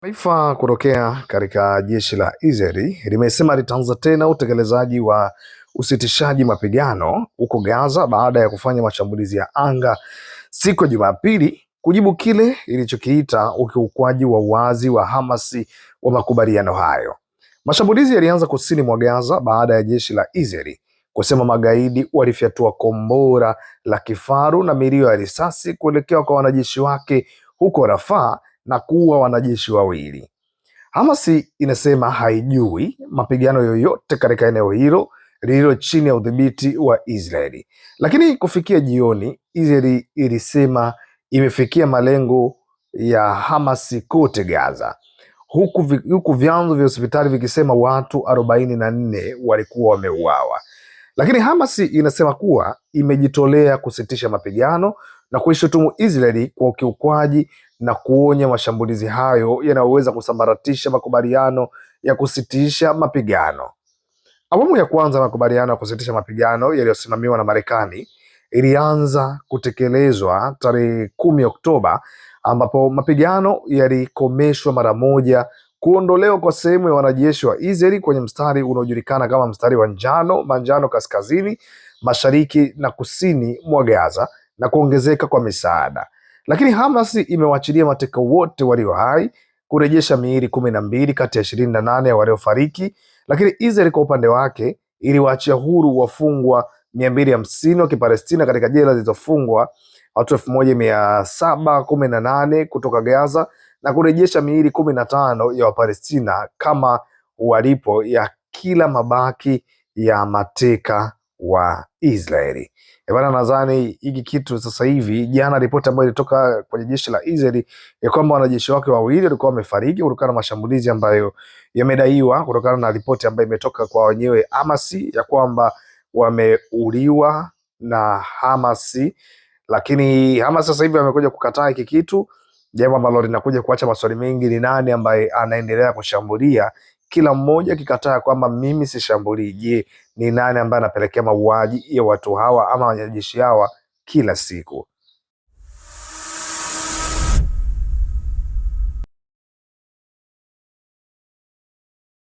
Taifa kutokea katika jeshi la Israeli limesema litaanza tena utekelezaji wa usitishaji mapigano huko Gaza baada ya kufanya mashambulizi ya anga siku ya Jumapili kujibu kile ilichokiita ukiukwaji wa wazi wa Hamasi wa makubaliano hayo. Mashambulizi yalianza kusini mwa Gaza baada ya jeshi la Israeli kusema magaidi walifyatua kombora la kifaru na milio ya risasi kuelekea kwa wanajeshi wake huko Rafah na kuua wanajeshi wawili. Hamasi inasema haijui mapigano yoyote katika eneo hilo lililo chini ya udhibiti wa Israeli. Lakini kufikia jioni, Israeli ilisema imefikia malengo ya Hamasi kote Gaza, huku, huku vyanzo vya hospitali vikisema watu arobaini na nne walikuwa wameuawa. Lakini hamas inasema kuwa imejitolea kusitisha mapigano na kuishutumu Israeli kwa ukiukwaji na kuonya mashambulizi hayo yanayoweza kusambaratisha makubaliano ya kusitisha mapigano. Awamu ya kwanza makubaliano ya kusitisha mapigano yaliyosimamiwa na Marekani ilianza kutekelezwa tarehe kumi Oktoba ambapo mapigano yalikomeshwa mara moja. Kuondolewa kwa sehemu ya wanajeshi wa Israeli kwenye mstari unaojulikana kama mstari wa njano manjano kaskazini, mashariki na kusini mwa Gaza na kuongezeka kwa misaada. Lakini Hamas imewachilia mateka wote walio hai kurejesha miili kumi na mbili kati ya ishirini na nane ya waliofariki, lakini Israel kwa upande wake iliwaachia huru wafungwa mia mbili hamsini wa Kipalestina katika jela zilizofungwa watu elfu moja mia saba kumi na nane kutoka Gaza na kurejesha miili kumi na tano ya Wapalestina kama walipo ya kila mabaki ya mateka wa Israeli. E bana, nadhani hiki kitu sasa hivi, jana ripoti ambayo ilitoka kwenye jeshi la Israeli ya kwamba wanajeshi wake wawili walikuwa wamefariki kutokana na mashambulizi ambayo yamedaiwa kutokana na ripoti ambayo imetoka kwa wenyewe Hamas ya kwamba wameuliwa na Hamas, lakini Hamas sasa hivi wamekuja kukataa hiki kitu, jambo ambalo linakuja kuacha maswali mengi. Ni nani ambaye anaendelea kushambulia kila mmoja akikataa kwamba mimi sishambulii. Je, ni nani ambaye anapelekea mauaji ya watu hawa ama wanajeshi hawa kila siku?